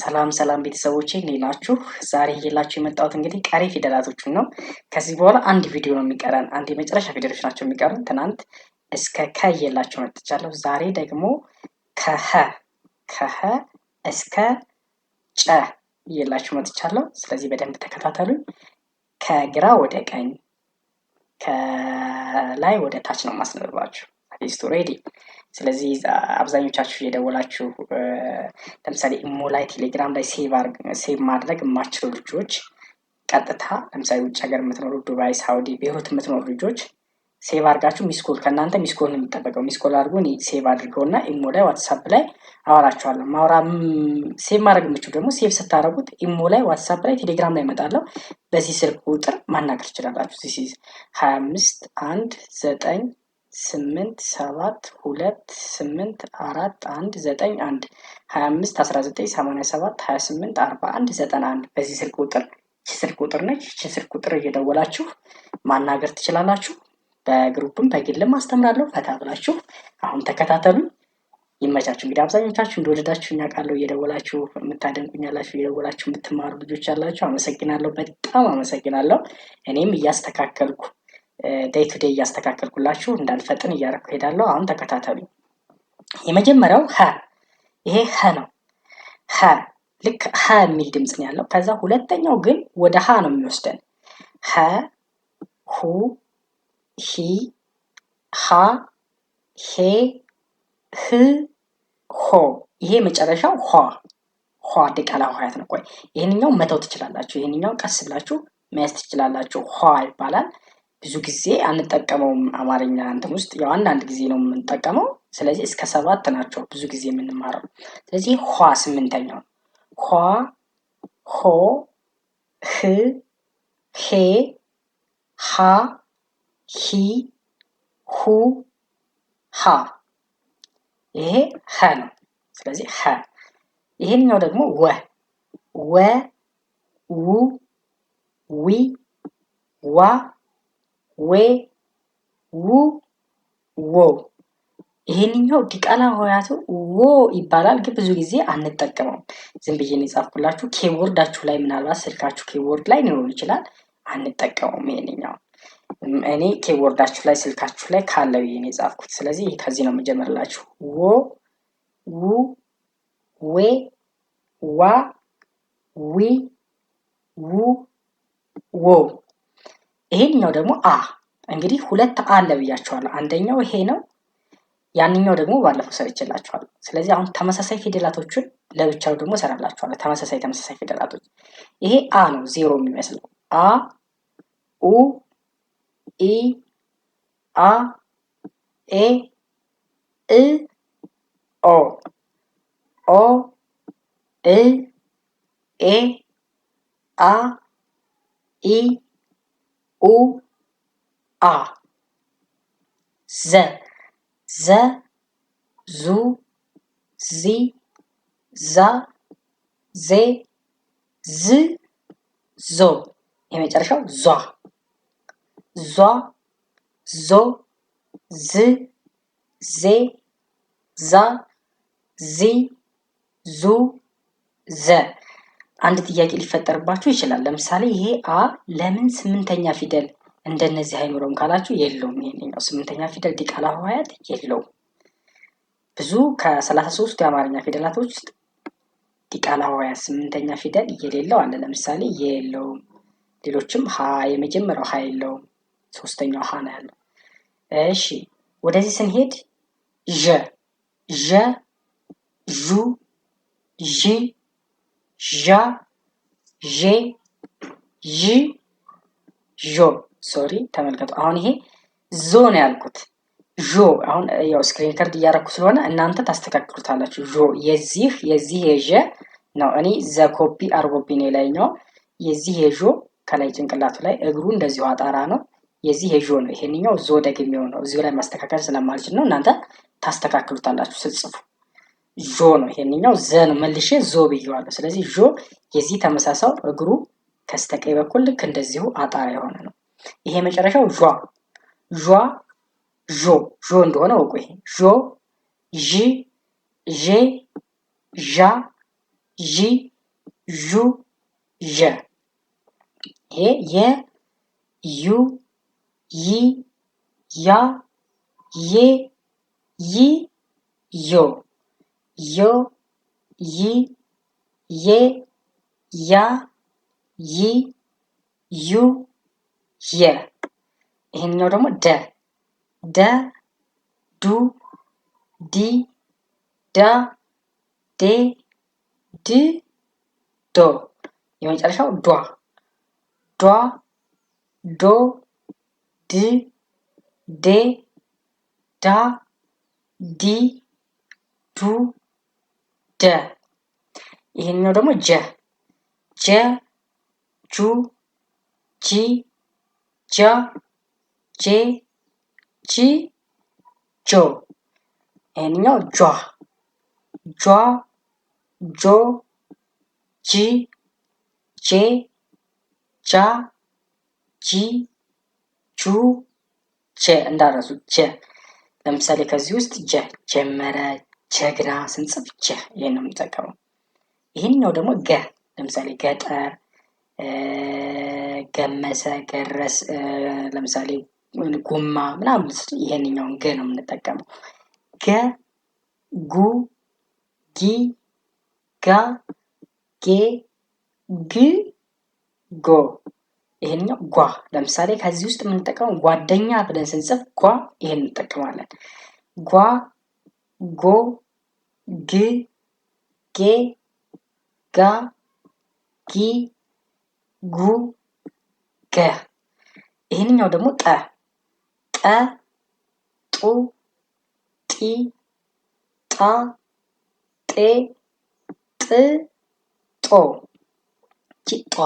ሰላም ሰላም ቤተሰቦቼ ሌላችሁ ዛሬ ይዤላችሁ የመጣሁት እንግዲህ ቀሪ ፊደላቶችን ነው። ከዚህ በኋላ አንድ ቪዲዮ ነው የሚቀረን፣ አንድ የመጨረሻ ፊደሎች ናቸው የሚቀረን። ትናንት እስከ ከ ይዤላችሁ መጥቻለሁ። ዛሬ ደግሞ ከሀ ከሀ እስከ ጨ ይዤላችሁ መጥቻለሁ። ስለዚህ በደንብ ተከታተሉኝ። ከግራ ወደ ቀኝ፣ ከላይ ወደ ታች ነው ማስነብባችሁ። ስቱ ሬዲ ስለዚህ አብዛኞቻችሁ የደወላችሁ ለምሳሌ ኢሞ ላይ ቴሌግራም ላይ ሴቭ ማድረግ የማችሉ ልጆች ቀጥታ ለምሳሌ ውጭ ሀገር የምትኖሩ ዱባይ፣ ሳውዲ፣ ቤሩት የምትኖሩ ልጆች ሴቭ አድርጋችሁ ሚስኮል ከእናንተ ሚስኮል ነው የሚጠበቀው። ሚስኮል አድርጎ ሴቭ አድርገው እና ኢሞ ላይ ዋትሳፕ ላይ አወራችኋለሁ። ማውራ ሴቭ ማድረግ የምችሉ ደግሞ ሴቭ ስታደረጉት ኢሞ ላይ ዋትሳፕ ላይ ቴሌግራም ላይ ይመጣለሁ። በዚህ ስልክ ቁጥር ማናገር ትችላላችሁ። ዚስ ሀያ አምስት አንድ ዘጠኝ ስምንት ሰባት ሁለት ስምንት አራት አንድ ዘጠኝ አንድ ሀያ አምስት አስራ ዘጠኝ ሰማኒያ ሰባት ሀያ ስምንት አርባ አንድ ዘጠና አንድ በዚህ ስልክ ቁጥር ይቺ ስልክ ቁጥር ነች። ይቺ ስልክ ቁጥር እየደወላችሁ ማናገር ትችላላችሁ። በግሩፕም በግልም አስተምራለሁ። ፈታ ብላችሁ አሁን ተከታተሉ። ይመቻችሁ። እንግዲህ አብዛኞቻችሁ እንደወደዳችሁ ቃለው እየደወላችሁ የምታደንቁኝ ያላችሁ፣ እየደወላችሁ የምትማሩ ልጆች ያላችሁ አመሰግናለሁ። በጣም አመሰግናለሁ። እኔም እያስተካከልኩ ዴይ ቱ ዴይ እያስተካከልኩላችሁ እንዳልፈጥን እያደረኩ ሄዳለሁ። አሁን ተከታተሉ። የመጀመሪያው ሀ ይሄ ሀ ነው። ሀ ልክ ሀ የሚል ድምፅ ነው ያለው። ከዛ ሁለተኛው ግን ወደ ሀ ነው የሚወስደን። ሀ ሁ ሂ ሃ ሄ ህ ሆ ይሄ መጨረሻው ኋ ሆ ደቃላ ኋያት ነው። ቆይ ይህንኛው መተው ትችላላችሁ። ይህንኛው ቀስ ብላችሁ መያዝ ትችላላችሁ። ኋ ይባላል። ብዙ ጊዜ አንጠቀመውም አማርኛ እንትን ውስጥ ያው አንዳንድ ጊዜ ነው የምንጠቀመው። ስለዚህ እስከ ሰባት ናቸው ብዙ ጊዜ የምንማረው። ስለዚህ ኋ ስምንተኛው ኋ ሆ ህ ሄ ሃ ሂ ሁ ሃ ይሄ ሀ ነው። ስለዚህ ሀ ይሄኛው ደግሞ ወ ወ ው ዊ ዋ ዌ ው ዎ ይሄንኛው ዲቃላ ሆያቱ ዎ ይባላል፣ ግን ብዙ ጊዜ አንጠቀመውም። ዝም ብዬ ነው የጻፍኩላችሁ። ኬቦርዳችሁ ላይ ምናልባት ስልካችሁ ኬቦርድ ላይ ሊኖር ይችላል። አንጠቀመውም ይሄንኛው። እኔ ኬቦርዳችሁ ላይ ስልካችሁ ላይ ካለው ብዬ የጻፍኩት። ስለዚህ ከዚህ ነው የምጀምርላችሁ። ዎ ው ዌ ዋ ዊ ው ዎ ይሄኛው ደግሞ አ እንግዲህ ሁለት አለ ብያቸዋለሁ። አንደኛው ይሄ ነው፣ ያንኛው ደግሞ ባለፈው ሰርቼላችኋለሁ። ስለዚህ አሁን ተመሳሳይ ፊደላቶችን ለብቻው ደግሞ ሰራላችኋለሁ። ተመሳሳይ ተመሳሳይ ፊደላቶች ይሄ አ ነው፣ ዜሮ የሚመስለው አ ኡ ኢ አ ኤ እ ኦ ኦ እ ኤ አ ኢ ኡ አ ዘ ዘ ዙ ዚ ዛ ዜ ዝ ዞ የመጨረሻው ዟ ዟ ዞ ዝ ዜ ዛ ዚ ዙ ዘ አንድ ጥያቄ ሊፈጠርባችሁ ይችላል። ለምሳሌ ይሄ አ ለምን ስምንተኛ ፊደል እንደነዚህ አይኖረውም ካላችሁ የለውም። ይሄኛው ስምንተኛ ፊደል ዲቃላ ሆሄያት የለውም። ብዙ ከሰላሳ ሶስቱ የአማርኛ ፊደላቶች ውስጥ ዲቃላ ሆሄያት ስምንተኛ ፊደል የሌለው አለ። ለምሳሌ የለውም። ሌሎችም ሀ የመጀመሪያው ሀ የለውም። ሶስተኛው ሀ ነው ያለው። እሺ ወደዚህ ስንሄድ ዠ ዠ ዡ ዢ J, J, ዥ ሶሪ ተመልከቱ። አሁን ይሄ ዞ ነው ያልኩት ዦ አሁን ያው ስክሪን ሪከርድ እያደረኩ ስለሆነ እናንተ ታስተካክሉታላችሁ። ዦ የዚህ የዚህ የዠ ነው። እኔ ዘ ኮፒ አርጎብኝ ነው የዚህ የዦ ከላይ ጭንቅላቱ ላይ እግሩ እንደዚሁ አጣራ ነው። የዚህ የዦ ነው። ይሄንኛው ዞ ደግሜው ነው። እዚሁ ላይ ማስተካከል ስለማልችል ነው። እናንተ ታስተካክሉታላችሁ ስትጽፉ ዦ ነው። ይሄንኛው ዘ ነው መልሼ ዞ ብየዋለሁ። ስለዚህ ዦ የዚህ ተመሳሳው እግሩ ከስተቀኝ በኩል ልክ እንደዚሁ አጣራ የሆነ ነው። ይሄ መጨረሻው ዣ ዣ ዦ ዦ እንደሆነ ወቁ ይሄ ዦ ዢ ዤ ዣ ዢ ዡ ዠ ይሄ የ ዩ ይ ያ ዬ ይ ዮ yo, yi, ye, ያ ይ ዩ የ ይሄኛው ደግሞ ደ ደ ዱ ዲ ዳ ዴ ድ ዶ የመጨረሻው ዷ ዷ ዶ ድ ዴ ዳ ዲ ዱ ደ ይሄኛው ደግሞ ጀ ጀ ጁ ጂ ጃ ጄ ጂ ጆ ይሄኛው ጇ ጇ ጆ ጂ ጄ ጃ ጂ ጁ ጀ እንዳረሱ ጀ ለምሳሌ ከዚህ ውስጥ ጀ ጀመረ ጀግና ስንጽፍ ጀ ይህን ነው የምንጠቀመው። ይህኛው ደግሞ ገ ለምሳሌ ገጠር፣ ገመሰ፣ ገረስ ለምሳሌ ጉማ ምናምን ይሄንኛውን ገ ነው የምንጠቀመው። ገ ጉ ጊ ጋ ጌ ግ ጎ ይሄንኛው ጓ ለምሳሌ ከዚህ ውስጥ የምንጠቀመው ጓደኛ ብለን ስንጽፍ ጓ ይሄን እንጠቀማለን። ጓ ጎ ግ ጌ ጋ ጊ ጉ ገ ይሄንኛው ደግሞ ጠ ጠ ጡ ጢ ጣ ጤ ጥ ጦ ቺ ጧ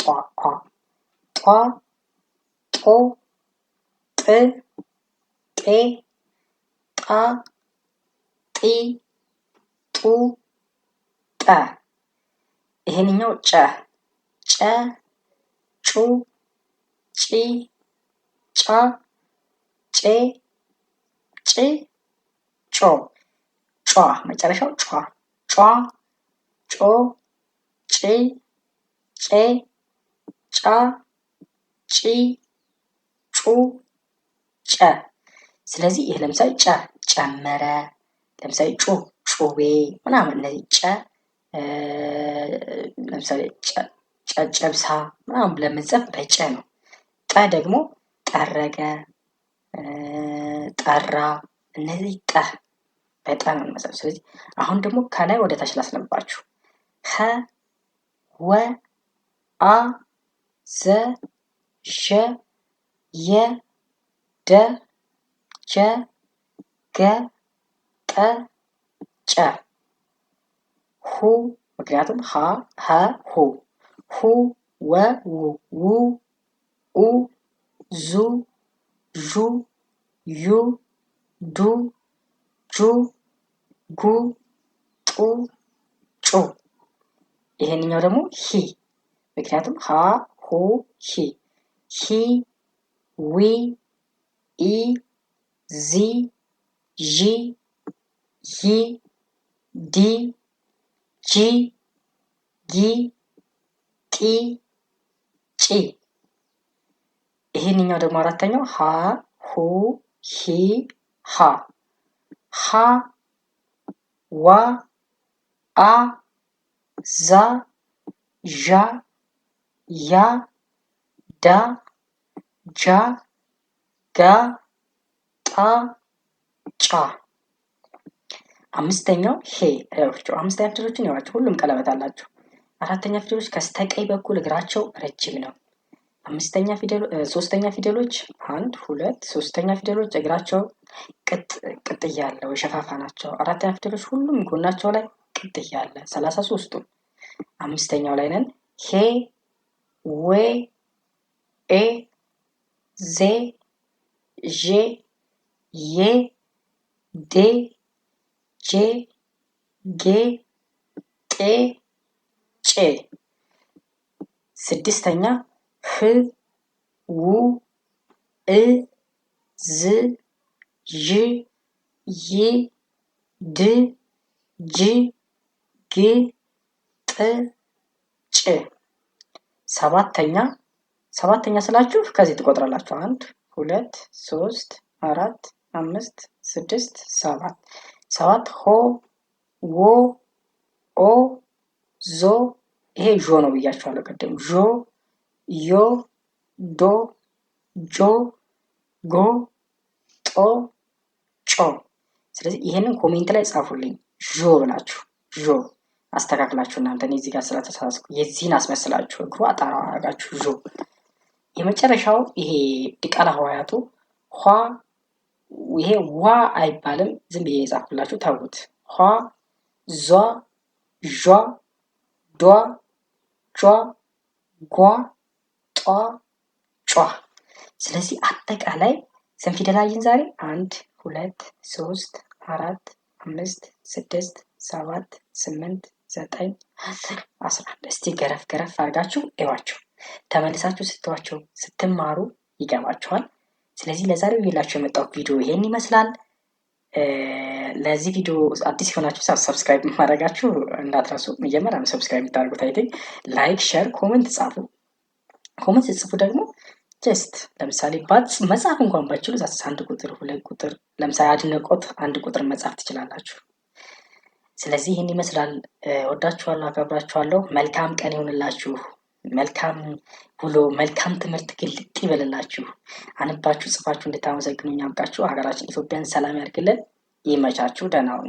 ጧ ጧ ጦ ጥ ጤ ጣ ጢ ጡ ጠ ይሄንኛው ጨ ጨ ጩ ጪ ጫ ጬ ጭ ጮ ጯ መጨረሻው ጯ ጯ ጮ ጪ ጬ ጫ ጪ ጩ ጨ ስለዚህ ይህ ለምሳሌ ጨ ጨመረ ለምሳሌ ጮ ጩቤ ምናምን እነዚህ ጨ ለምሳሌ ጨጨብሳ ምናምን ብለን የምንጽፍ በጨ ነው። ጠ ደግሞ ጠረገ፣ ጠራ እነዚህ ጠ በጠ ነው የምንጽፍ። ስለዚህ አሁን ደግሞ ከላይ ወደ ታች ላስነባችሁ ኸ ወ አ ዘ ዠ የ ደ ጀ ገ ጠጨ ሁ ምክንያቱም ሀ ሀ ሁ ሁ ወ ው ው ኡ ዙ ዡ ዩ ዱ ጁ ጉ ጡ ጩ ይሄንኛው ደግሞ ሂ ምክንያቱም ሀ ሁ ሂ ሂ ዊ ኢ ዚ ዢ ri, di, di, gi, ጢ፣ ጪ። ይሄንኛው ደግሞ አራተኛው ሀ፣ ሁ፣ ሂ፣ ሃ፣ ሃ፣ ዋ፣ አ፣ ዛ፣ ዣ፣ ያ፣ ዳ፣ ጃ፣ ጋ፣ ጣ፣ ጫ አምስተኛው ሄ ረብርጮ አምስተኛ ፊደሎችን ይዋቸው፣ ሁሉም ቀለበት አላቸው። አራተኛ ፊደሎች ከስተቀኝ በኩል እግራቸው ረጅም ነው። አምስተኛ ሶስተኛ ፊደሎች አንድ ሁለት ሶስተኛ ፊደሎች እግራቸው ቅጥ እያለ ወይ ሸፋፋ ናቸው። አራተኛ ፊደሎች ሁሉም ጎናቸው ላይ ቅጥ እያለ ሰላሳ ሶስቱ አምስተኛው ላይ ነን። ሄ ዌ ኤ ዜ ዤ ዬ ዴ ጄ ጌ ቄ ጬ ስድስተኛ ህ ው እ ዝ ዥ ይ ድ ጅ ግ ጥ ጭ ሰባተኛ ሰባተኛ ስላችሁ ከዚህ ትቆጥራላችሁ። አንድ ሁለት ሶስት አራት አምስት ስድስት ሰባት ሰባት ሆ ዎ ኦ ዞ ይሄ ዦ ነው ብያቸዋለሁ ቀደም። ዦ ዮ ዶ ጆ ጎ ጦ ጮ። ስለዚህ ይሄንን ኮሜንት ላይ ጻፉልኝ ዦ ብላችሁ ዦ አስተካክላችሁ እናንተ እኔ እዚህ ጋር ስለተሳሳትኩ የዚህን አስመስላችሁ እግሩ አጣራ አድርጋችሁ ዦ። የመጨረሻው ይሄ ድቃላ ህዋያቱ ኋ ይሄ ዋ አይባልም። ዝም ብዬ የጻፍኩላችሁ ታውት ኋ ዟ ዣ ዷ ጇ ጓ ጧ ጯ። ስለዚህ አጠቃላይ ስንት ፊደል አየን ዛሬ? አንድ ሁለት ሶስት አራት አምስት ስድስት ሰባት ስምንት ዘጠኝ አስር አስራ አንድ እስቲ ገረፍ ገረፍ አድርጋችሁ እዩዋቸው። ተመልሳችሁ ስትዋቸው ስትማሩ ይገባችኋል። ስለዚህ ለዛሬው ይላችሁ የመጣሁት ቪዲዮ ይሄን ይመስላል። ለዚህ ቪዲዮ አዲስ የሆናችሁ ሰብስክራይብ ማድረጋችሁ እንዳትረሱ። መጀመሪያ ሰብስክራይብ የምታደርጉት አይቲንክ ላይክ፣ ሸር፣ ኮመንት ጻፉ። ኮመንት ጽፉ ደግሞ ጀስት ለምሳሌ ባጽ መጽሐፍ እንኳን ባችሉ አንድ ቁጥር ሁለት ቁጥር ለምሳሌ አድነቆት አንድ ቁጥር መጻፍ ትችላላችሁ። ስለዚህ ይህን ይመስላል። ወዳችኋለሁ፣ አከብራችኋለሁ። መልካም ቀን ይሆንላችሁ። መልካም ውሎ መልካም ትምህርት ግልጥ ይበልላችሁ። አንባችሁ ጽፋችሁ እንድታመሰግኑ ያብቃችሁ። ሀገራችን ኢትዮጵያን ሰላም ያድርግልን። ይመቻችሁ። ደህና ሁኑ።